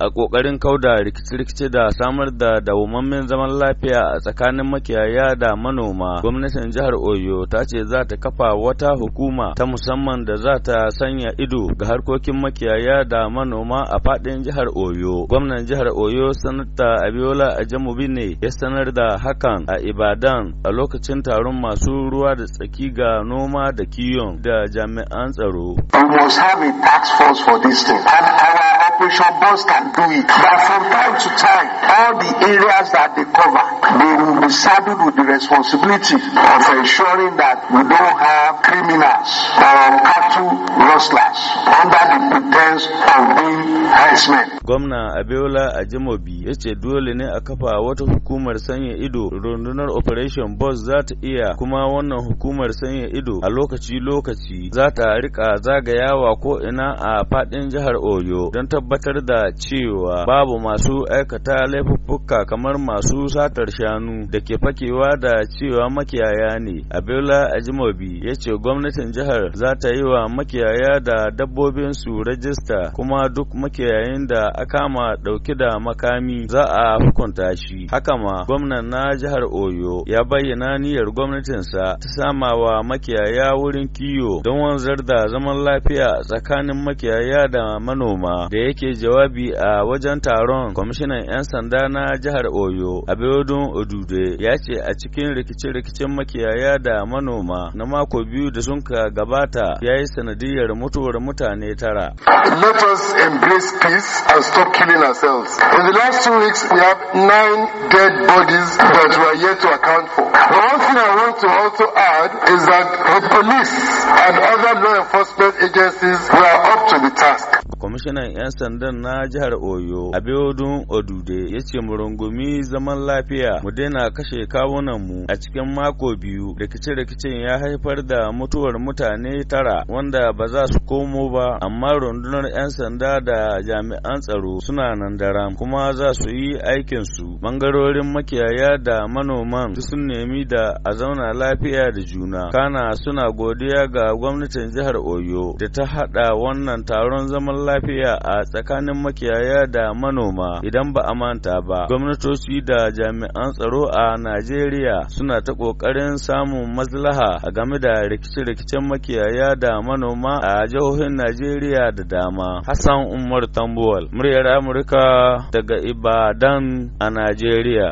a ƙoƙarin kauda rikice-rikice da samar da dawwammamin zaman lafiya a tsakanin makiyaya da manoma gwamnatin jihar oyo ta ce za ta kafa wata hukuma ta musamman da za ta sanya ido ga harkokin makiyaya da manoma a faɗin jihar oyo gwamnan jihar oyo sanata abiola ajamubi ne ya sanar da hakan a ibadan a lokacin taron masu ruwa da tsaki ga noma da kiyon da jami'an tsaro we should and do it. But from time to time, all the areas that they cover, they will be saddled with the responsibility of ensuring that we don't have criminals or cattle rustlers under the pretense of being herdsmen. Gwamna Abiola Ajimobi ya ce dole ne a kafa wata hukumar sanya ido rundunar Operation Boss za ta iya kuma wannan hukumar sanya ido a lokaci-lokaci za ta rika zagayawa ko ina a fadin jihar Oyo don tabbatar da cewa babu masu aikata laifin laifuffuka kamar masu satar shanu da ke fakewa da cewa makiyaya ne abiola ajimobi ya ce gwamnatin jihar za ta yi wa makiyaya da dabbobin su rajista kuma duk makiyayin da aka ma dauki da makami za a hukunta shi haka ma gwamnan na jihar oyo ya bayyana niyyar gwamnatinsa ta sama wa makiyaya wurin kiyo don wanzar da zaman lafiya tsakanin makiyaya da manoma da yake jawabi a wajen taron kwamishinan 'yan sanda ƙasa jihar Oyo, Abiodun Odude, ya ce a cikin rikice-rikicen makiyaya da manoma na mako biyu da sun ka gabata ya yi sanadiyar mutuwar mutane tara. Let us embrace peace and stop killing ourselves. In the last two weeks, we have nine dead bodies that we are yet to account for. The one thing I want to also add is that the police and other law enforcement agencies were up to the task. kwamishinan 'yan sandan na jihar oyo abiodun odude ya ce mu rungumi zaman lafiya mu daina kashe kawunan mu a cikin mako biyu rikice-rikicen ya haifar da mutuwar mutane tara wanda ba za su komo ba amma rundunar 'yan sanda da jami'an tsaro suna nan daram kuma za su yi aikinsu bangarorin makiyaya da manoman sun nemi da a zauna lafiya da juna kana suna godiya ga gwamnatin jihar oyo da ta haɗa wannan taron zaman lafiya lafiya a tsakanin makiyaya da manoma idan ba a manta ba gwamnatoci da jami'an tsaro a najeriya suna ta ƙoƙarin samun maslaha a game da rikice-rikicen makiyaya da manoma a jihohin najeriya da dama hassan umar tambuwal muryar amurka daga ibadan a najeriya